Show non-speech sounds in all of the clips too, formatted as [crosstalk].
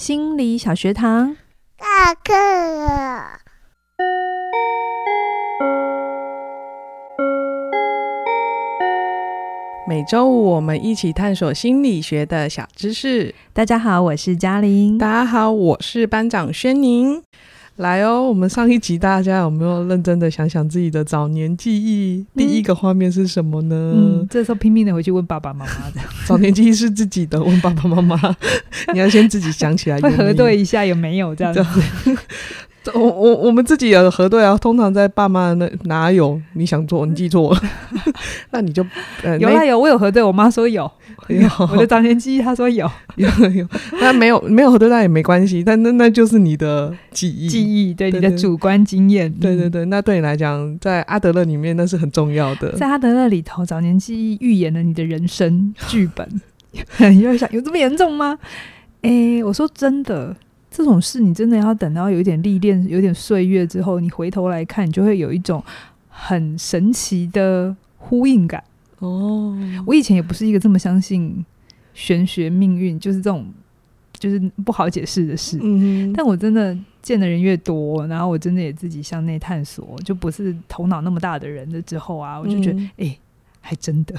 心理小學堂，下課了。每周五，我們一起探索心理學的小知識。大家好，我是嘉玲。大家好，我是班長軒寧。來哦，我們上一集大家有沒有認真的想想自己的早年記憶？嗯，第一個畫面是什麼呢？嗯，這時候拼命的回去問爸爸媽媽。 [laughs] 早年記憶是自己的，問爸爸媽媽， [laughs] 你要先自己想起來有沒有，核對一下有沒有 [laughs] 這樣子。 [laughs] 我我我們自己有核對啊，通常在爸媽那哪有？你想做，你記錯了，那你就有啊。有，我有核對，我媽說有有，我的早年記憶她說有有有，那沒有沒有核對那也沒關係，但那那就是你的記憶，記憶對你的主觀經驗，對對對，那對你來講，在阿德勒裡面那是很重要的，在阿德勒裡頭，早年記憶預言了你的人生劇本，你會想有這麼嚴重嗎？哎，我說真的。這種事你真的要等到有點歷練、有點歲月之後，你回頭來看，你就會有一種很神奇的呼應感哦。我以前也不是一個這麼相信玄學命、命運就是這種就是不好解釋的事，嗯、但我真的見的人越多，然後我真的也自己向內探索，就不是頭腦那麼大的人了之後啊，我就覺得哎。嗯欸還真的，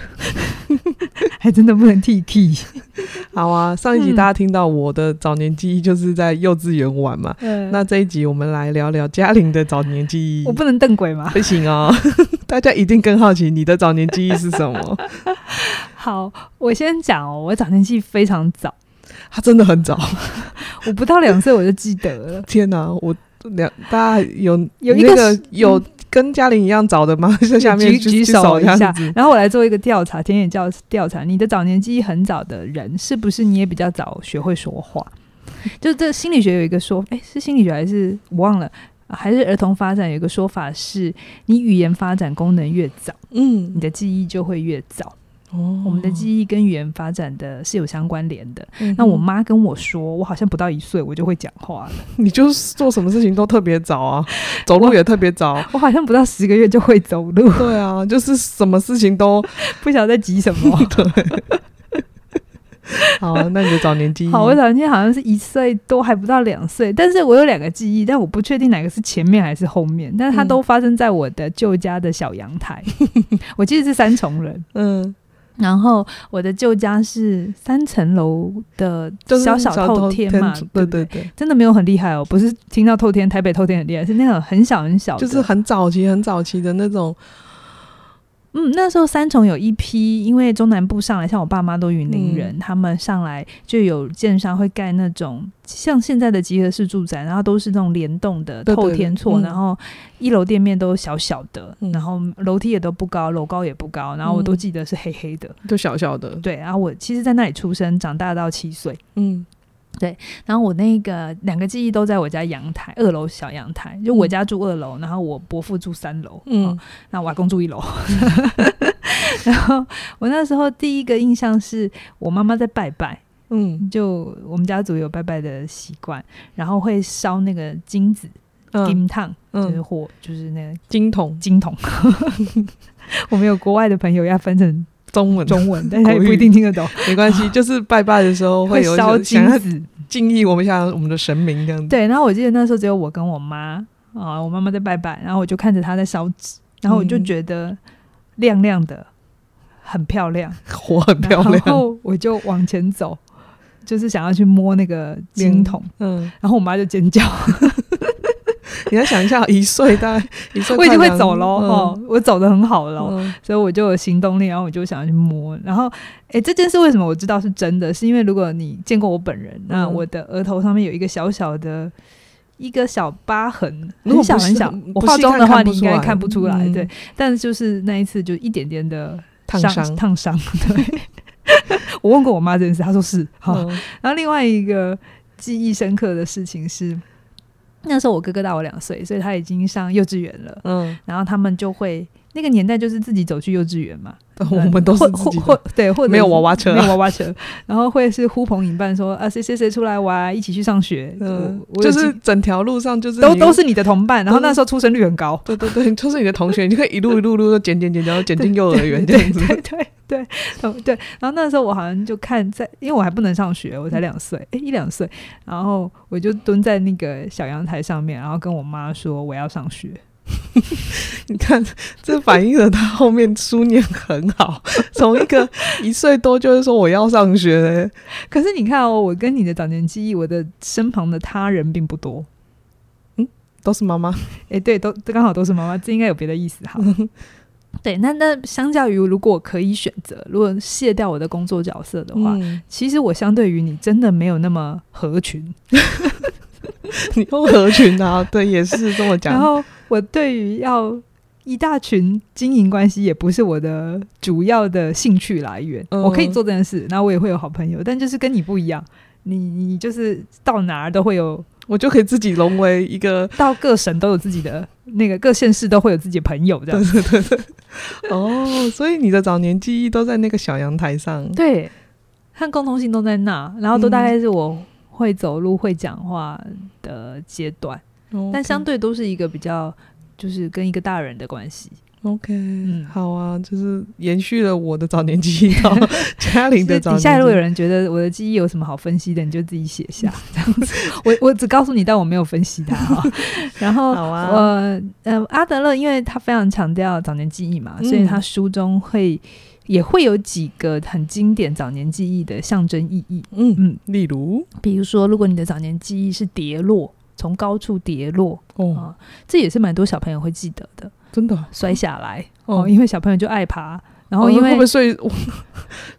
還真的不能替替。好啊，上一集大家聽到我的早年記憶就是在幼稚園玩嘛，嗯、那這一集我們來聊聊嘉玲的早年記憶。我不能瞪鬼嗎？不行哦、喔， [laughs] 大家一定更好奇你的早年記憶是什麼？ [laughs] 好，我先講哦，我早年記憶非常早，他、啊、真的很早， [laughs] 我不到兩歲我就記得了。 [laughs] 天哪、啊，我兩大家有有一個，那個有。嗯跟嘉玲一樣早的嗎？在 [laughs] 下面舉舉手一下，樣然後我來做一個調查，田野調調查，你的早年記憶很早的人，是不是你也比較早學會說話？就這心理學有一個說，哎、欸，是心理學還是我忘了，啊？還是兒童發展有一個說法是，是你語言發展功能越早，嗯，你的記憶就會越早。哦，oh, 我們的記憶跟語言發展的是有相關聯的。嗯、哼那我媽跟我說，我好像不到一歲，我就會講話了。你就是做什麼事情都特別早啊， [laughs] 走路也特別早。 [laughs] 我好像不到十個月就會走路。對啊，就是什麼事情都 [laughs] 不曉得在急什麼。 [laughs] 對。 [laughs] 好，那你就早年，年記憶。好，我早年好像是一歲都還不到兩歲，但是我有兩個記憶，但我不確定哪個是前面還是後面，但是它都發生在我的舊家的小陽台。 [laughs] 我記得是三重人，嗯。然後我的舊家是三層樓的小小透天嘛，天對，對，對對對，真的沒有很厲害哦，不是聽到透天，台北透天很厲害，是那種很小很小，就是很早期很早期的那種。嗯，那時候三重有一批，因為中南部上來，像我爸媽都雲林人，嗯、他們上來就有建商會蓋那種像現在的集合式住宅，然後都是那種聯動的透天厝。然後一樓店面都小小的，嗯、然後樓梯也都不高，樓高也不高，然後我都記得是黑黑的，都、嗯、小小的。對，然、啊、後我其實在那裡出生，長大到七歲，嗯。對，然後我那個兩個記憶都在我家陽台，二樓小陽台。就我家住二樓，然後我伯父住三樓，嗯，那、哦、我外公住一樓。嗯、 [laughs] 然後我那時候第一個印象是我媽媽在拜拜，嗯，就我們家族有拜拜的習慣，然後會燒那個金子，嗯、金燙，就是火，就是那個金桶，金桶桶。金桶 [laughs] 我們有國外的朋友要分成。中文，中文，但是他也不一定聽得懂。沒關係，就是拜拜的時候會有些會燒紙想要敬意，我們像我們的神明這樣子。對，然後我記得那時候只有我跟我媽啊，我媽媽在拜拜，然後我就看着她在燒紙，然後我就覺得亮亮的，嗯、很漂亮，火很漂亮，然後我就往前走， [laughs] 就是想要去摸那個金桶。嗯，然後我媽就尖叫。 [laughs] 你要想一下，一歲大概， [laughs] 一歲、嗯哦，我已經會走了。哦，我走的很好了，嗯、所以我就有行動力，然後我就想要去摸。然後，哎、欸，這件事為什麼我知道是真的？是因為如果你見過我本人，嗯、那我的額頭上面有一個小小的、一個小疤痕，很小很小。我化妝的話你應該看不出來，出來，嗯、對。但是就是那一次，就一點點的燙傷，燙傷傷。對 [laughs] 我問過我媽，真的是她說是。好，嗯、然後另外一個記憶深刻的事情是。那時候我哥哥大我兩歲，所以他已經上幼稚園了。嗯，然後他們就會。那個年代就是自己走去幼稚園嘛，我們都是或會，對或者是沒有娃娃車，沒有娃娃車，然後會是呼朋引伴說啊誰誰誰出來玩，一起去上學，嗯，就是整條路上就是都都是你的同伴，然後那時候出生率很高，對對對，就是你的同學，你可以一路一路路撿撿撿，然後撿進幼兒園這樣子，對對對，對，然後那時候我好像就看在因為我還不能上學，我才兩歲，欸，一兩歲，然後我就蹲在那個小陽台上面，然後跟我媽說我要上學。 [laughs] 你看，這反映了他後面書念很好。從一個一歲多就是說我要上學，欸， [laughs] 可是你看哦，我跟你的早年記憶，我的身旁的他人並不多。嗯，都是媽媽。哎，欸、對，都剛好都是媽媽，這應該有別的意思哈。 [laughs] 對，那那相較於如果可以選擇，如果卸掉我的工作角色的話，嗯、其實我相對於你真的沒有那麼合群。 [laughs] [laughs] 你不合群啊？對，也是這麼講。 [laughs] 然後我對於要一大群經營關係，也不是我的主要的興趣來源。呃、我可以做這件事，然後我也會有好朋友。但就是跟你不一樣，你你就是到哪兒都會有，我就可以自己融為一個， [laughs] 到各省都有自己的那個，各縣市都會有自己的朋友，這樣子。 [laughs] 對對對哦，oh, 所以你的早年記憶都在那個小陽台上， [laughs] 對，和共同性都在那，然後都大概是我、嗯。會走路，會講話的階段，Okay. 但相對都是一個比較，就是跟一個大人的關係。OK，、嗯、好啊，就是延續了我的早年記憶到嘉玲 [laughs] 的早年記憶。底下如果有人覺得我的記憶有什麼好分析的，你就自己寫下。這樣子 [laughs] 我我只告訴你，但我沒有分析它哦。 [laughs] 然後，好啊我，呃，阿德勒，因為他非常強調早年記憶嘛，嗯、所以他書中會。也會有幾個很經典早年記憶的象徵意義。嗯嗯，例如，比如說，如果你的早年記憶是跌落，從高處跌落，哦、啊，這也是蠻多小朋友會記得的。真的，摔下來哦，因為小朋友就愛爬，哦、然後因為會不會睡，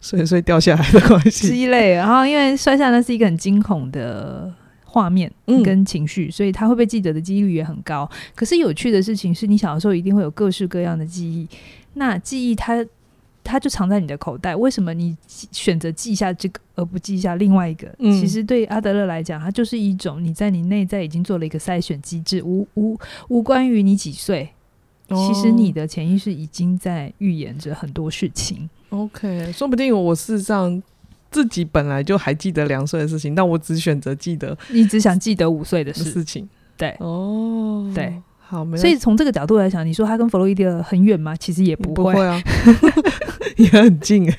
所以所以掉下來的關係。雞肋。然後因為摔下來是一個很驚恐的畫面跟情緒，嗯、所以他會被記得的幾率也很高。可是有趣的事情是，你小的時候一定會有各式各樣的記憶，嗯、那記憶它。它就藏在你的口袋。為什麼你選擇記一下這個而不記一下另外一個？嗯、其實對阿德勒來講，它就是一種你在你內在已經做了一個篩選機制，無無無關於你幾歲，哦、其實你的潛意識已經在預言着很多事情。OK，說不定我，我事實上自己本來就還記得兩歲的事情，但我只選擇記得，你只想記得五歲的、的事情。對，哦，對。所以從這個角度來講，你說他跟弗洛伊德很遠嗎？其實也不會,不會啊， [laughs] [laughs] 也很近。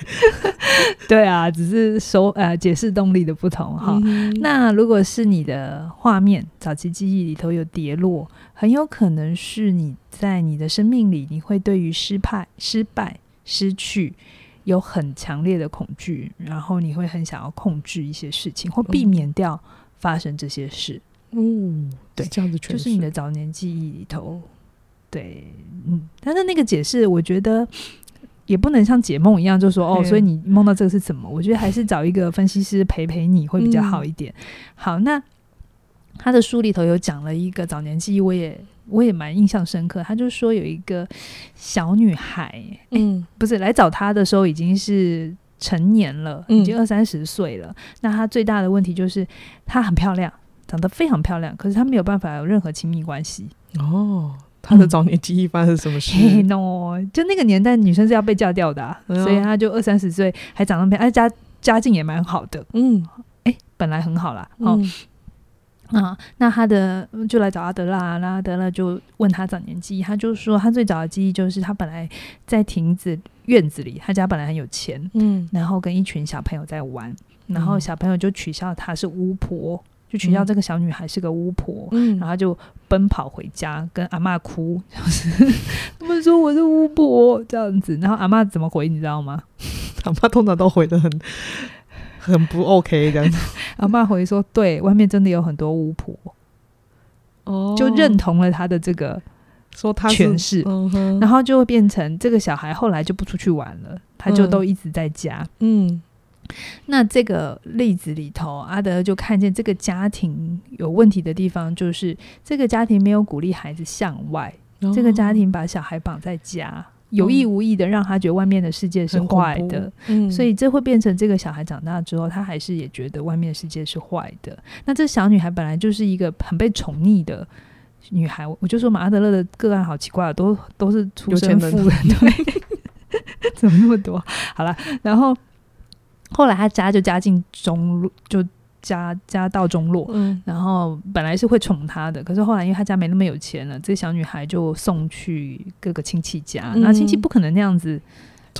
[laughs] 對啊，只是說呃解釋動力的不同哈。嗯、那如果是你的畫面早期記憶裡頭有跌落，很有可能是你在你的生命裡，你會對於失敗、失敗、失去有很強烈的恐懼，然後你會很想要控制一些事情，或避免掉發生這些事。嗯嗯，哦、對，這樣子就是你的早年記憶裡頭，對，嗯，但是那個解釋我覺得也不能像解夢一樣，就說哦，欸、所以你夢到這個是怎麼？我覺得還是找一個分析師陪陪你會比較好一點。嗯、好，那他的書裡頭有講了一個早年記憶，我也我也蠻印象深刻。他就說有一個小女孩，嗯、欸，不是來找他的時候已經是成年了，嗯、已經二三十歲了。那她最大的問題就是她很漂亮。長得非常漂亮，可是她沒有辦法有任何親密關係哦。她、嗯、的早年記憶發生什麼事、hey、？no，就那個年代，女生是要被嫁掉的、啊，哦、所以她就二三十歲還長得漂亮，哎、啊，家家境也蠻好的，嗯，哎、欸，本來很好啦，好啊、嗯哦。那她的就來找阿德勒，那阿德勒就問她早年記憶，她就說她最早的記憶就是她本來在亭子院子裡，她家本來很有錢，嗯，然後跟一群小朋友在玩，然後小朋友就取笑她是巫婆。就取笑這個小女孩是個巫婆，嗯，然後就奔跑回家跟阿媽哭，嗯、 [laughs] 他們說我是巫婆這樣子，然後阿媽怎麼回你知道嗎？ [laughs] 阿媽通常都回得很很不 OK 這樣子， [laughs] 阿媽回說，對外面真的有很多巫婆，哦，就認同了他的這個說他詮釋，嗯、然後就會變成這個小孩後來就不出去玩了，他就都一直在家，嗯。嗯那這個例子裡頭，阿德勒就看見這個家庭有問題的地方，就是這個家庭沒有鼓勵孩子向外，哦、這個家庭把小孩綁在家，嗯、有意無意地讓他覺得外面的世界是壞的，嗯、所以這會變成這個小孩長大之後，他還是也覺得外面的世界是壞的。那這小女孩本來就是一個很被寵溺的女孩，我就說嘛，阿德勒的個案好奇怪，都都是出身的，有錢的，對， [laughs] 怎麼那麼多？好了，然後。後來他家就家境中落，就家家道中落。嗯、然後本來是會寵他的，可是後來因為他家沒那麼有錢了，這個、小女孩就送去各個親戚家。那、嗯、親戚不可能那樣子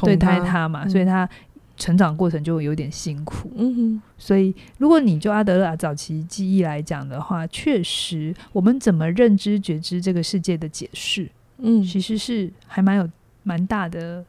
對待他嘛，嗯、所以他成長過程就有點辛苦。嗯、所以如果你就阿德勒早期記憶來講的話，確實我們怎麼認知、覺知這個世界的解釋，嗯，其實是還蠻有蠻大的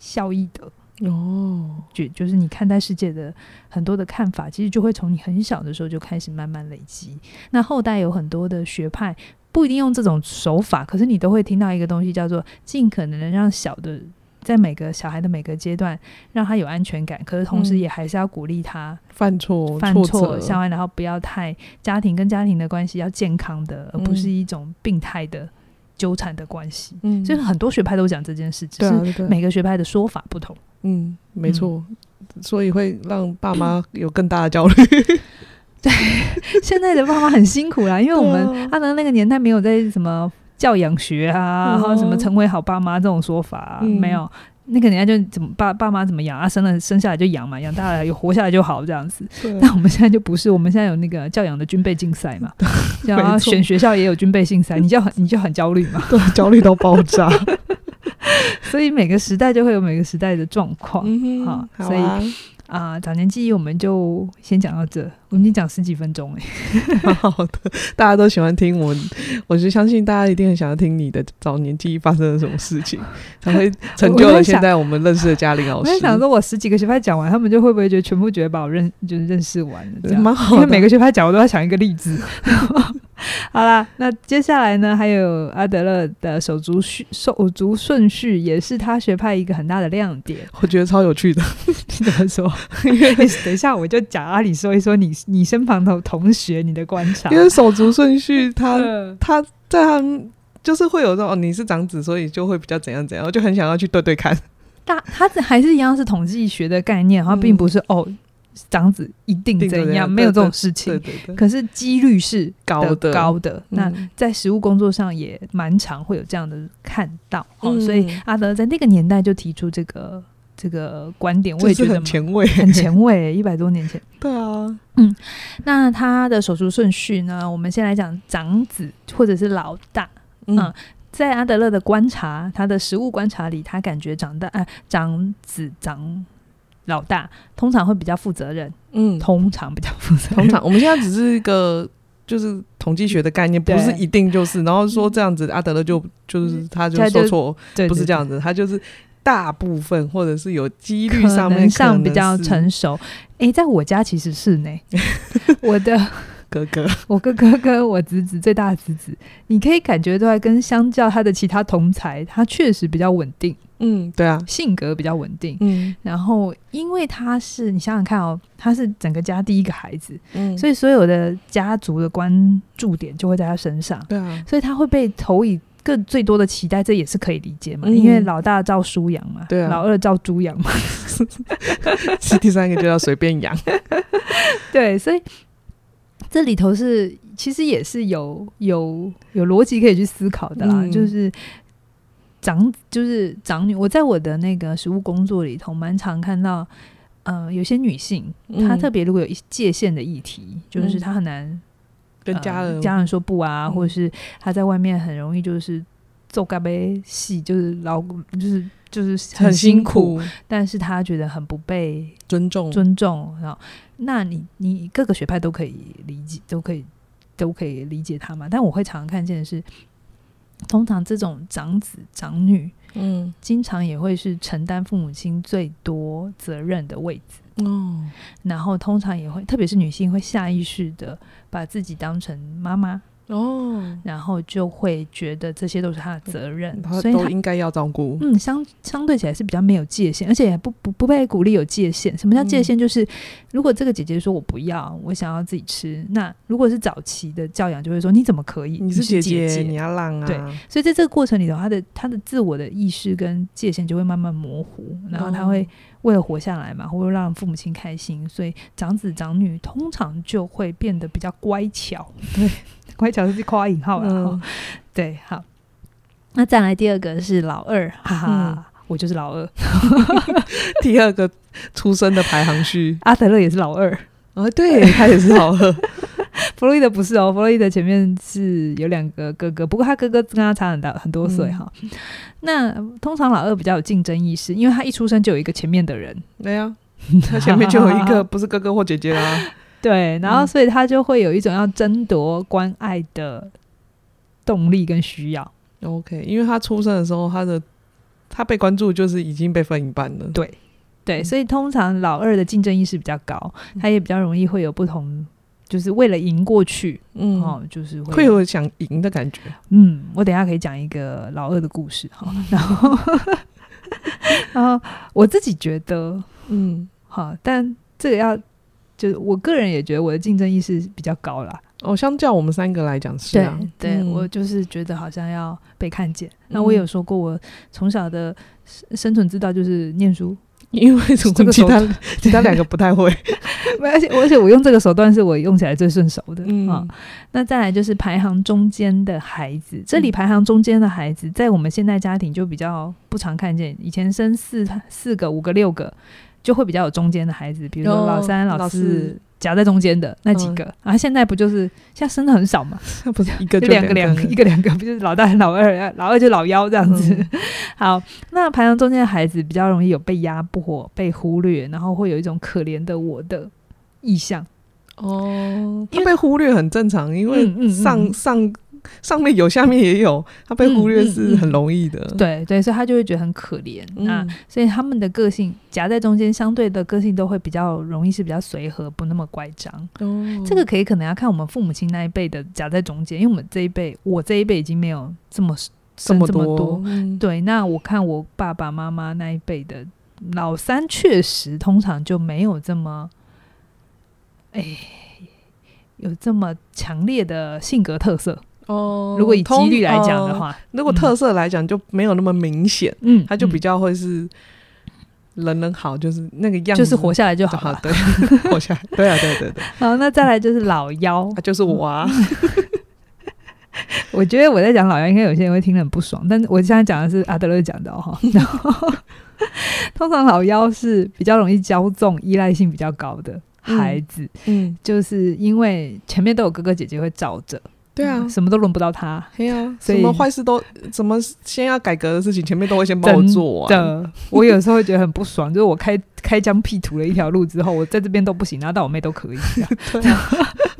效益的。哦，就就是你看待世界的很多的看法，其實就會從你很小的時候就開始慢慢累積。那後代有很多的學派，不一定用這種手法，可是你都會聽到一個東西，叫做盡可能的讓小的在每個小孩的每個階段，讓他有安全感，可是同時也還是要鼓勵他犯錯，犯錯，相愛然後不要太家庭跟家庭的關係要健康的，嗯、而不是一種病態的糾纏的關係。嗯，所以很多學派都講這件事，只是每個學派的說法不同。嗯，沒錯，嗯、所以會讓爸媽有更大的焦慮。對，現在的爸媽很辛苦啦、啊，因為我們阿德、啊啊、那個年代沒有在什麼教養學啊，然後、uh huh、什麼成為好爸媽這種說法、啊嗯、沒有，那個人家就怎麼爸爸媽怎麼養啊，生了生下來就養嘛，養大了有活下來就好這樣子。對但我們現在就不是，我們現在有那個教養的軍備競賽嘛，然後選學校也有軍備競賽，你就很你就很焦慮嘛， [laughs] 對，焦慮到爆炸。 [laughs] 所以每個時代就會有每個時代的狀況，好，所以啊、呃，早年記憶我們就先講到這。我們已經講十幾分鐘了，蠻好的，大家都喜歡聽我，我就相信大家一定很想要聽你的早年記憶發生了什麼事情，才會成就了現在我們認識的嘉玲老師。我在想，想說，我十幾個學派講完，他們就會不會覺得全部覺得把我認就是認識完了這樣，蠻好。因為每個學派講，我都要想一個例子。 [laughs] 好啦，那接下來呢？還有阿德勒的手足序、手足順序，也是他學派一個很大的亮點。我覺得超有趣的， [laughs] 你怎麼說？ [laughs] 因為等一下，我就講阿里說一說你你身旁的同學，你的觀察。因為手足順序他，他他在他就是會有這種、哦，你是長子，所以就會比較怎樣怎樣，就很想要去對對看。但，他是還是一樣是統計學的概念，然後、嗯、並不是哦。長子一定怎樣？樣沒有這種事情，對對對對，可是幾率是高的，的高的。嗯、那在實務工作上也蠻常會有這樣的看到。嗯哦、所以阿德勒在那個年代就提出這個這個觀點，我也覺得很前衛，很前衛， [laughs] 一百多年前。對啊，嗯，那他的手足順序呢？我們先來講長子或者是老大。嗯，嗯，在阿德勒的觀察，他的實務觀察裡，他感覺長大啊，長子長。老大通常會比較負責任，嗯，通常比較負責任。通常我們現在只是一個就是統計學的概念，不是一定就是。對然後說這樣子，阿德勒就就是他就說錯，對對對不是這樣子，他就是大部分或者是有幾率上面上比較成熟。誒、欸，在我家其實是呢， [laughs] 我的。哥哥，我哥，哥哥，我哥哥跟我侄子，最大的侄子，你可以感覺到，跟相較他的其他同儕，他確實比較穩定。嗯，對啊，性格比較穩定。嗯，然後因為他是，你想想看哦，他是整個家第一個孩子，嗯，所以所有的家族的關注點就會在他身上。對啊，所以他會被投以更最多的期待，這也是可以理解嘛。嗯、因為老大照書養嘛，對、啊，老二照豬養嘛，是 [laughs] [laughs] 第三個就要隨便養。 [laughs] 對，所以。這裡頭是，其實也是有有有邏輯可以去思考的啦。嗯、就是長，就是長女。我在我的那個實務工作裡頭，蠻常看到，嗯、呃，有些女性，嗯、她特別如果有一界限的議題，嗯、就是她很難跟家人家人說不啊，嗯、或者是她在外面很容易就是做咖啡戲，就是老，就是就是很辛苦，辛苦但是她覺得很不被尊重，尊重啊。那你你各個學派都可以理解，都可以都可以理解他嘛。但我會常常看見的是，通常這種長子長女，嗯，經常也會是承擔父母親最多責任的位置哦。嗯，然後通常也會，特別是女性，會下意識的把自己當成媽媽。哦，oh. 然後就會覺得這些都是他的責任，嗯、他都應該要照顧。嗯，相相對起來是比較沒有界限，而且也不不不被鼓勵有界限。什麼叫界限？就是、嗯、如果這個姐姐說我不要，我想要自己吃，那如果是早期的教養，就會說你怎麼可以？你是姐姐，你要讓啊。對，所以在這個過程裡頭，他的他的自我的意識跟界限就會慢慢模糊，然後他會為了活下來嘛，oh. 或者讓父母親開心，所以長子長女通常就會變得比較乖巧， [laughs] 對。乖巧是誇引號了哈，對，好，那再來第二個是老二，哈哈，我就是老二。第二個出生的排行序，阿德勒也是老二哦，對，他也是老二。弗洛伊德不是哦，弗洛伊德前面是有兩個哥哥，不過他哥哥跟他差很大很多歲哈。那通常老二比較有競爭意識，因為他一出生就有一個前面的人。沒有，他前面就有一個，不是哥哥或姐姐啦。對，然後所以他就會有一種要爭奪關愛的動力跟需要、嗯。OK，因為他出生的時候，他的他被關注就是已經被分一半了。對對，所以通常老二的競爭意識比較高，嗯、他也比較容易會有不同，就是為了贏過去。嗯、哦，就是會有，會有想贏的感覺。嗯，我等一下可以講一個老二的故事。然後， [laughs] [laughs] 然後我自己覺得，嗯，好、嗯，但這個要。就我個人也覺得我的競爭意識比較高了哦，相較我們三個來講，是這、啊、樣。對、嗯、我就是覺得好像要被看見。那我也有說過，我從小的生存之道就是念書，因為從其他對其他兩個不太會，而且而且我用這個手段是我用起來最順手的嗯、哦，那再來就是排行中間的孩子，嗯、這裡排行中間的孩子，在我們現代家庭就比較不常看見，以前生四四個五個六個。就會比較有中間的孩子，比如說老三、老四，夾在中間的那幾個、嗯、啊。現在不就是現在生的很少嘛？不是 [laughs] 一個，兩個，兩一個兩個，不、就是老大、老二、老二就老幺這樣子。嗯、好，那排行中間的孩子比較容易有被壓迫、被忽略，然後會有一種可憐的我的意象。哦，他被忽略很正常，因為上、嗯嗯嗯、上。上上面有，下面也有，他被忽略是很容易的。嗯嗯嗯、對對，所以他就會覺得很可憐。那、嗯啊、所以他們的個性夾在中間，相對的個性都會比較容易是比較隨和，不那麼乖張。哦、這個可以可能要看我們父母親那一輩的夾在中間，因為我們這一輩，我這一輩已經沒有這麼這麼這麼多。嗯、對，那我看我爸爸媽媽那一輩的老三，確實通常就沒有這麼哎有這麼強烈的性格特色。哦，呃、如果以幾率來講的話、呃，如果特色來講就沒有那麼明顯，嗯，他就比較會是人人好，就是那個樣子，就是活下來就好了，好對 [laughs] 活下來，對啊，對對對。 [laughs] 好，那再來就是老幺，啊、就是我。啊。 [laughs] [laughs] 我覺得我在講老幺應該有些人會聽得很不爽，但是我現在講的是阿德勒講的哈、哦。 [laughs] 通常老幺是比較容易驕縱、依賴性比較高的孩子，嗯，嗯就是因為前面都有哥哥姐姐會罩着。對啊，什麼都輪不到他，對啊，什麼壞事都，什麼先要改革的事情，前面都會先幫我做啊。我有時候會覺得很不爽，就是我開開疆闢土了一條路之後，我在這邊都不行，然後到我妹都可以。對，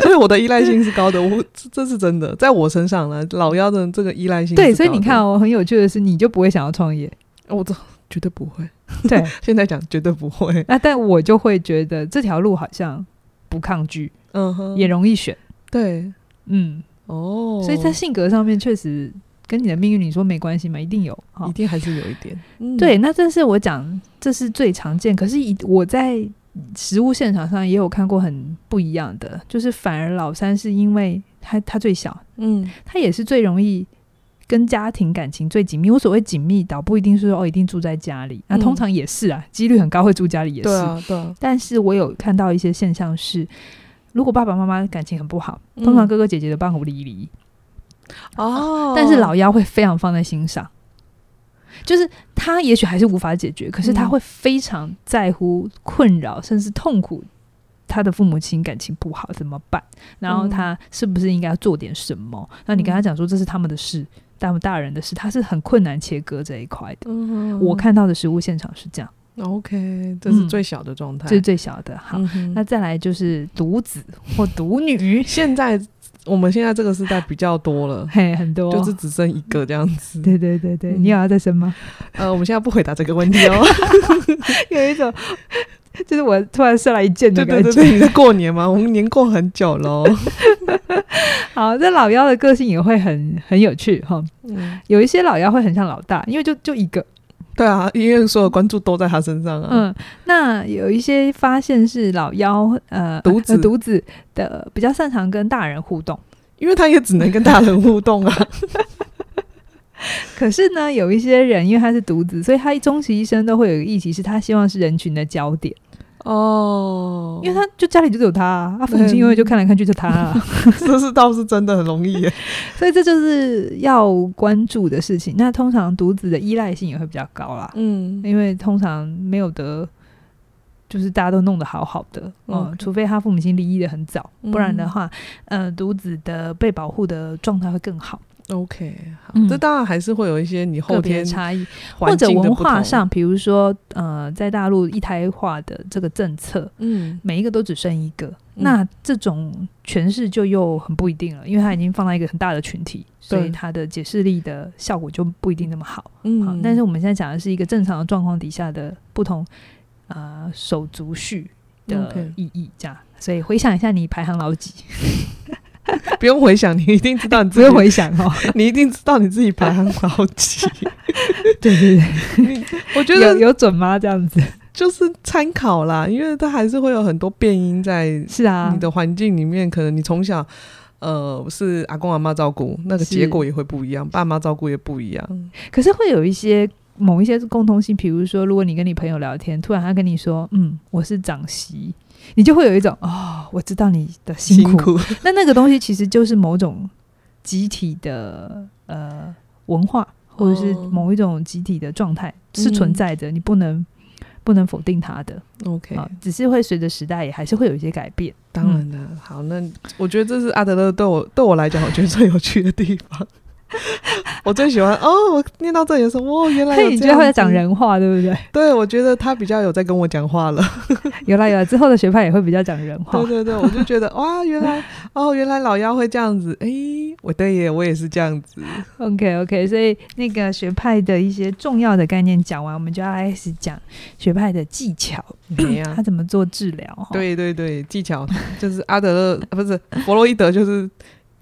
所以我的依賴性是高的，我這是真的，在我身上呢，老幺的這個依賴性。對，所以你看哦，很有趣的是，你就不會想要創業，我絕對不會。對，現在講絕對不會。那但我就會覺得這條路好像不抗拒，嗯哼，也容易選。對，嗯。哦，oh, 所以在性格上面確實跟你的命運，你說沒關係嗎？一定有，哦、一定還是有一點。嗯、對，那這是我講，這是最常見。可是我在實務現場上也有看過很不一樣的，就是反而老三是因為他他最小，嗯，他也是最容易跟家庭感情最緊密。我所謂緊密，倒不一定是說哦一定住在家裡，那通常也是啊，嗯、幾率很高會住家裡也是。對、啊，對啊、但是我有看到一些現象是。如果爸爸媽媽感情很不好，嗯、通常哥哥姐姐的伴壺離離，哦，但是老幺會非常放在心上，就是他也許還是無法解決，可是他會非常在乎困擾、嗯、甚至痛苦，他的父母親感情不好怎麼辦？然後他是不是應該要做點什麼？嗯、那你跟他講說這是他們的事，他們、嗯、大人的事，他是很困難切割這一塊的。嗯哼嗯哼，我看到的實務現場是這樣。OK，這是最小的狀態，這、嗯就是最小的。好，嗯、哼那再來就是獨子或獨女。 [laughs] 現在我們現在這個時代比較多了， [laughs] 嘿，很多就是只生一個這樣子。嗯、對對對對，你要再生嗎？呃，我們現在不回答這個問題哦。 [laughs] [laughs] 有一種就是我突然射來一箭，對對對，你是過年嗎？我們年過很久嘍、哦。 [laughs] 好，這老幺的個性也會很很有趣哈。嗯，有一些老幺會很像老大，因為就就一個。對啊，因為所有關注都在他身上啊。嗯，那有一些發現是老幺，呃，獨子、呃、獨子的比較擅長跟大人互動，因為他也只能跟大人互動啊。 [laughs] [laughs] 可是呢，有一些人因為他是獨子，所以他終其一生都會有一個議題，是他希望是人群的焦點。哦，oh, 因為他就家裡就只有他，啊，他對、啊，父母親永遠就看來看去就他，啊， [laughs] 這是倒是真的很容易耶， [laughs] 所以這就是要關注的事情。那通常獨子的依賴性也會比較高啦，嗯，因為通常沒有得，就是大家都弄得好好的，嗯 Okay.、哦，除非他父母親離異的很早，不然的話，嗯、呃，獨子的被保護的狀態會更好。OK，好，嗯、這當然還是會有一些你後天的差異，或者文化上，比如說，呃，在大陸一胎化的這個政策，嗯，每一個都只剩一個，嗯、那這種詮釋就又很不一定了，嗯、因為它已經放在一個很大的群體，對所以它的解釋力的效果就不一定那麼好，嗯、啊，但是我們現在講的是一個正常的狀況底下的不同，啊、呃，手足序的意義，嗯 okay、這樣，所以回想一下你排行老幾。 [laughs] [laughs] 不用回想，你一定知道你。你不用回想哦， [laughs] 你一定知道你自己排行老幾。 [laughs] 對對對，我覺得有，有準嗎？這樣子就是參考啦，因為他還是會有很多變因在。是啊，你的環境裡面，可能你從小呃是阿公阿媽照顧，啊、那個結果也會不一樣；是爸媽照顧也不一樣。可是會有一些某一些共通性，比如說，如果你跟你朋友聊天，突然他跟你說：“嗯，我是長媳。”你就會有一種啊、哦，我知道你的辛苦。辛苦，那那個東西其實就是某種集體的呃文化，或者是某一種集體的狀態、哦、是存在的，你不能、嗯、不能否定它的。OK，、哦、只是會隨着時代也還是會有一些改變。當然的、嗯、好，那我覺得這是阿德勒對我 [laughs] 對我來講，我覺得最有趣的地方。 [laughs] 我最喜歡哦！我念到這裡的時候，哦，原來這樣子。你覺得會在講人話，對不對？對，我覺得他比較有在跟我講話了。 [laughs] 有啦有啦，之後的學派也會比較講人話。 [laughs] 對對對，我就覺得哇，原來哦，原來老幺會這樣子。哎、欸，我對耶，我也是這樣子。OK OK，所以那個學派的一些重要的概念講完，我們就要開始講學派的技巧怎麼樣？ [laughs] 他怎麼做治療？ [laughs] 對對對，技巧就是阿德勒、 [laughs] 啊、不是弗洛伊德，就是。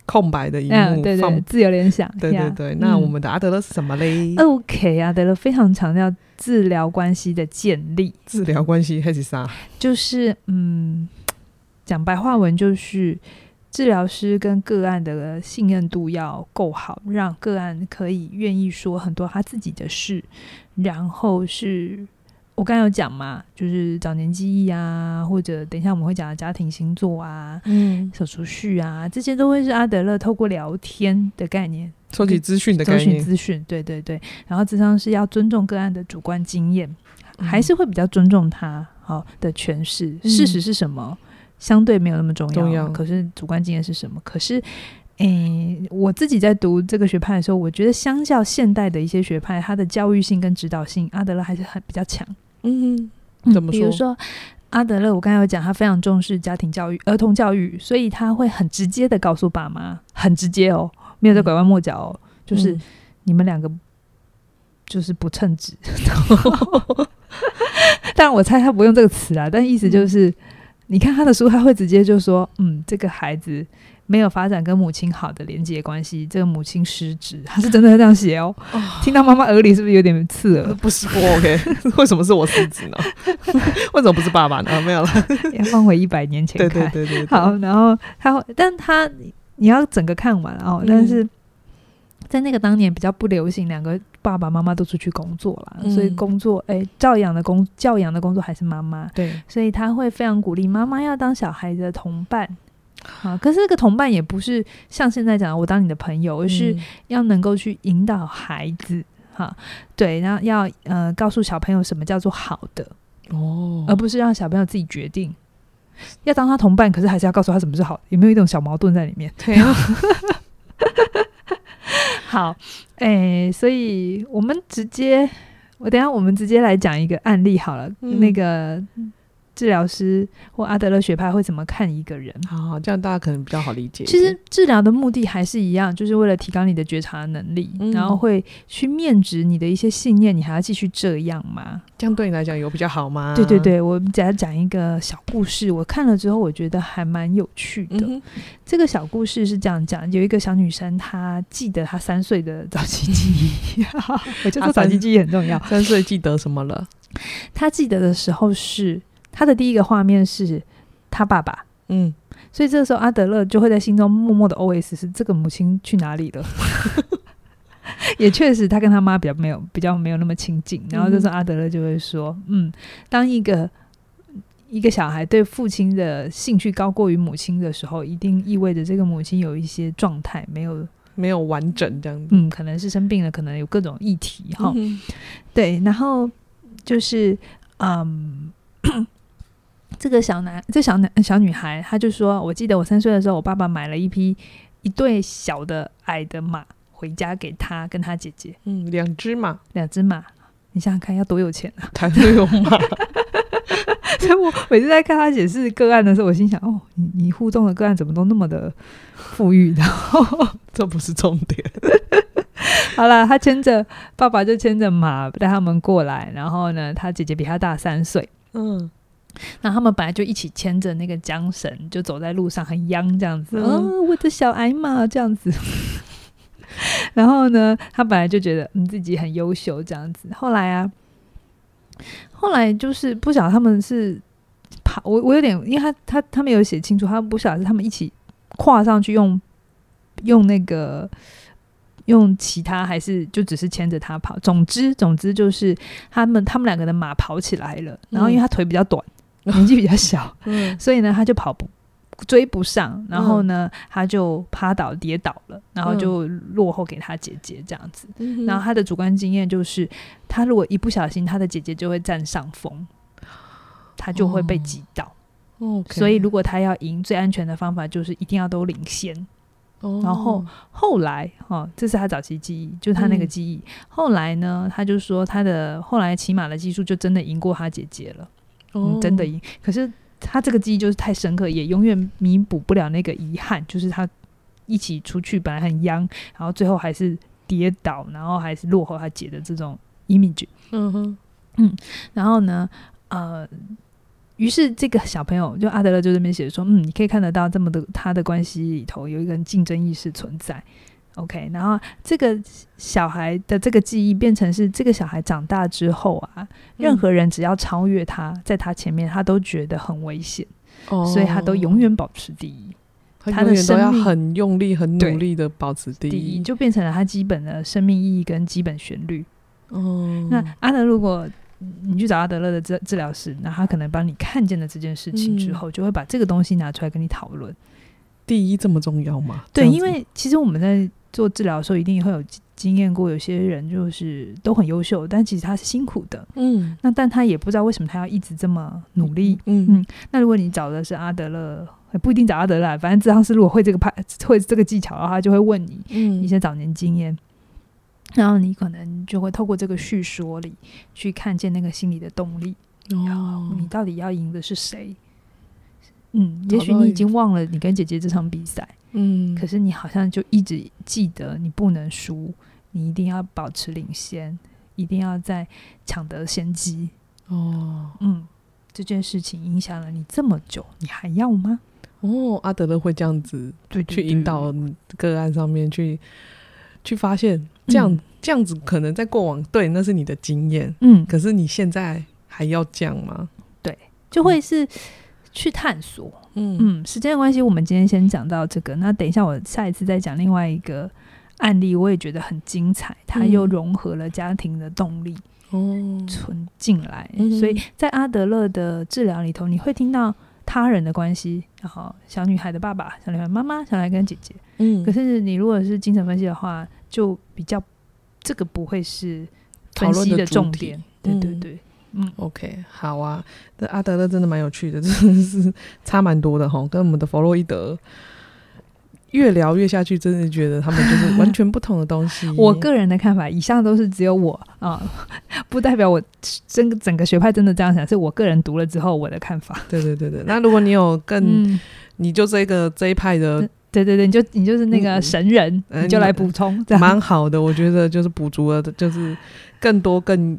空白的一幕、啊對對對，自由聯想。 [laughs] 對對對，嗯、那我們的得德勒是什麼嘞？OK 啊，阿德勒非常強調治療關係的建立。治療關係還是啥？就是嗯，講白話文就是治療師跟個案的信任度要夠好，讓個案可以願意說很多他自己的事，然後是。我剛剛有講嘛，就是早年記憶啊，或者等一下我們會講的家庭星座啊，嗯，手足序啊，這些都會是阿德勒透過聊天的概念，收集資訊的概念，資訊資訊，對對對。然後諮商是要尊重個案的主觀經驗，嗯、還是會比較尊重他好的詮釋。嗯、事實是什麼，相對沒有那麼重要，重要。可是主觀經驗是什麼？可是，誒、欸，我自己在讀這個學派的時候，我覺得相較現代的一些學派，它的教育性跟指導性，阿德勒還是很比較強。嗯，嗯怎麼說？比如說阿德勒，我剛才有講，他非常重視家庭教育、兒童教育，所以他會很直接的告訴爸媽，很直接哦，沒有在拐彎抹角哦，嗯、就是、嗯、你們兩個就是不稱職。但、嗯、 [laughs] [laughs] 我猜他不用這個詞啊，但意思就是，嗯、你看他的書，他會直接就說，嗯，這個孩子。沒有發展跟母親好的連接關係，這個母親失職，他是真的在這樣寫哦。哦，聽到媽媽耳裡是不是有點刺耳？不是我， [laughs] okay, 為什麼是我失職呢？ [laughs] [laughs] 為什麼不是爸爸呢？沒有了，要放回一百年前看。對，對對對對。好，然後他會，但他你要整個看完哦。嗯、但是在那個當年比較不流行，兩個爸爸媽媽都出去工作了，嗯、所以工作哎教養的工教養的工作還是媽媽對，所以他會非常鼓勵媽媽要當小孩子的同伴。啊，可是這個同伴也不是像現在講的，我當你的朋友，而是要能夠去引導孩子，哈，對，然後要呃告訴小朋友什麼叫做好的，哦，而不是讓小朋友自己決定。要當他同伴，可是還是要告訴他什麼是好，有沒有一種小矛盾在裡面？對、啊。 [laughs] [laughs] 好，誒、欸。所以我們直接，我等一下我們直接來講一個案例好了，嗯、那個。治療師或阿德勒學派會怎麼看一個人？好、哦，這樣大家可能比較好理解。其實治療的目的還是一樣，就是為了提高你的覺察的能力，嗯、然後會去面質你的一些信念。你還要繼續這樣嗎？這樣對你來講有比較好嗎？哦、對對對，我給他講一個小故事。我看了之後，我覺得還蠻有趣的。嗯、哼這個小故事是這樣講：有一個小女生，她記得她三歲的早期記憶。我就說早期記憶很重要。三歲記得什麼了？她記得的時候是，他的第一個畫面是他爸爸，嗯，所以這時候阿德勒就會在心中默默的 O S 是這個母親去哪裡了？ [laughs] 也確實，他跟他媽比較沒有比較沒有那麼親近。然後這時候阿德勒就會說，嗯，嗯，當一個一個小孩對父親的興趣高過於母親的時候，一定意味着這個母親有一些狀態沒有沒有完整這樣。嗯，可能是生病了，可能有各種議題哈。嗯哼。對，然後就是嗯。這個小男，這小男、小女孩，她就說：“我記得我三歲的時候，我爸爸買了一匹一對小的矮的馬回家給他跟他姐姐。嗯，兩隻馬，兩隻馬，你想想看，要多有錢啊！談有馬。所以 [laughs] [laughs] 我每次在看他解釋個案的時候，我心想：哦，你你互動的個案怎麼都那麼的富裕？然後這不是重點。 [laughs] 好了，他牽着爸爸就牽着馬帶他們過來，然後呢，他姐姐比他大三歲。嗯。那他們本來就一起牽着那個韁繩，就走在路上，很秧這樣子。嗯、哦，我的小矮馬這樣子。 [laughs] 然後呢，他本來就覺得嗯自己很優秀這樣子。後來啊，後來就是不曉得他們是跑，我我有點，因為他他他，他沒有寫清楚，他不曉得是他們一起跨上去用用那個用其他還是就只是牽着他跑。總之總之就是他們他們兩個的馬跑起來了，嗯、然後因為他腿比較短。年紀比較小， [laughs] 對所以呢，他就跑不追不上。然後呢，嗯、他就趴倒跌倒了，然後就落後給他姐姐這樣子。嗯、哼然後他的主觀經驗就是，他如果一不小心，他的姐姐就會佔上風，他就會被擠倒。哦、所以如果他要贏，最安全的方法就是一定要都領先。哦、然後後來，哦，這是他早期記憶，就是他那個記憶。嗯、後來呢，他就說他的後來騎馬的技術就真的贏過他姐姐了。嗯，真的贏，可是他這個記憶就是太深刻，也永遠彌補不了那個遺憾。就是他一起出去本來很秧，然後最後還是跌倒，然後還是落後他姐的這種 image。嗯哼，嗯，然後呢，呃，於是這個小朋友就阿德勒就這邊寫的說，嗯，你可以看得到這麼的他的關係裡頭有一個競爭意識存在。OK，然後這個小孩的這個記憶變成是這個小孩長大之後啊，嗯、任何人只要超越他，在他前面，他都覺得很危險，嗯、所以他都永遠保持第一。嗯、他的生命都要很用力、很努力的保持第一，第一就變成了他基本的生命意義跟基本旋律。哦、嗯，那阿德，如果你去找阿德勒的治治療師，那他可能幫你看見了這件事情之後，就會把這個東西拿出來跟你討論。第一這麼重要嗎？對，因為其實我們在。做治療的時候，一定會有經驗過。有些人就是都很優秀，但其實他是辛苦的。嗯，那但他也不知道為什麼他要一直這麼努力。嗯嗯，嗯，那如果你找的是阿德勒，也不一定找阿德勒，反正這張是如果會這個派，會這個技巧的話，他就會問你一些早年經驗，然後你可能就會透過這個敘說裡去看見那個心理的動力。哦，你到底要贏的是誰？哦、嗯，也許你已經忘了你跟姐姐這場比賽。嗯，可是你好像就一直記得你不能輸，你一定要保持領先，一定要在搶得先機哦。嗯，這件事情影響了你這麼久，你還要嗎？哦，阿德勒會這樣子，對，去引導個案上面去，對對對，去發現，嗯，這樣這樣子可能在過往對，那是你的經驗，嗯，可是你現在還要這樣嗎？對，就會是。嗯去探索，嗯，時間的關係，我們今天先講到這個。那等一下，我下一次再講另外一個案例，我也覺得很精彩，它又融合了家庭的動力，哦，存進來。嗯，所以在阿德勒的治療裡頭，你會聽到他人的關係，然後小女孩的爸爸、小女孩媽媽、小女孩跟姐姐。嗯，可是你如果是精神分析的話，就比較這個不會是討論的重點。對對對。嗯嗯，OK，好啊。那阿德勒真的蠻有趣的，真的是差蠻多的哈。跟我們的弗洛伊德，越聊越下去，真的覺得他們就是完全不同的東西。 [laughs] 我個人的看法，以上都是只有我啊，不代表我整個整個學派真的這樣想，是我個人讀了之後我的看法。對對對對，那如果你有更，嗯、你就這個這一派的，對對對，你就你就是那個神人，嗯呃、你，你就來補充，蠻好的。我覺得就是補足了，就是更多更。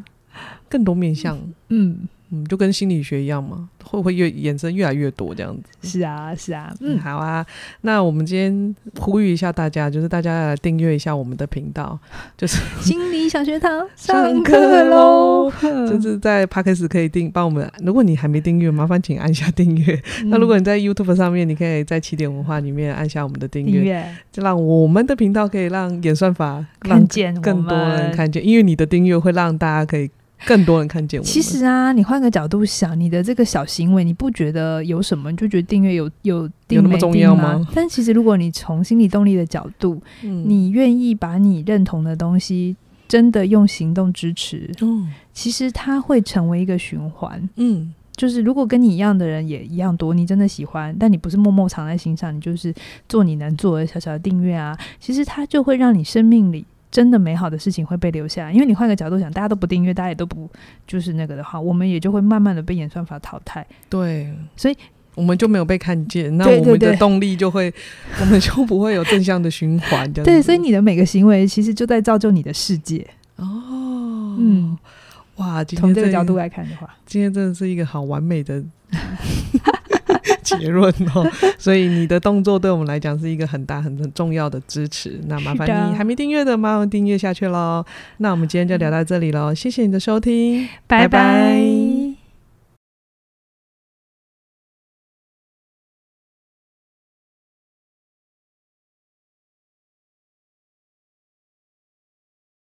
更多面向，嗯嗯，嗯，就跟心理學一樣嘛，會不會越衍生越來越多這樣子？是啊，是啊，嗯，嗯，好啊。那我們今天呼籲一下大家，就是大家來訂閱一下我們的頻道，就是心理小學堂上課嘍。 [laughs] 上課囉 [laughs] 就是在 Podcast 可以訂，幫我們。如果你還沒訂閱，麻煩請按下訂閱。嗯、 [laughs] 那如果你在 YouTube 上面，你可以在起點文化裡面按下我們的訂閱，樂就讓我們的頻道可以讓演算法看見更多人看見，因為你的訂閱會讓大家可以。更多人看見我。其實啊，你換個角度想，你的這個小行為，你不覺得有什麼？你就覺得訂閱有有有那麼重要嗎？但其實，如果你從心理動力的角度，嗯，你願意把你認同的東西真的用行動支持，嗯，其實它會成為一個循環。嗯，就是如果跟你一樣的人也一樣多，你真的喜歡，但你不是默默藏在心上，你就是做你能做的小小的訂閱啊，其實它就會讓你生命裡。真的美好的事情會被留下，因為你換個角度想，大家都不訂閱，大家都也都不就是那個的話，我們也就會慢慢的被演算法淘汰。對，所以我們就沒有被看見，對對對，那我們的動力就會，我們就不會有正向的循環。這樣 [laughs] 對，所以你的每個行為其實就在造就你的世界。哦，嗯，哇，從這個角度來看的話，今天真的是一個好完美的。 [laughs] [laughs] 結論哦，所以你的動作對我們來講是一個很大、很重要的支持。 [laughs] 那麻煩你還沒訂閱的，麻煩訂閱下去嘍。那我們今天就聊到這裡嘍，謝謝你的收聽，拜拜。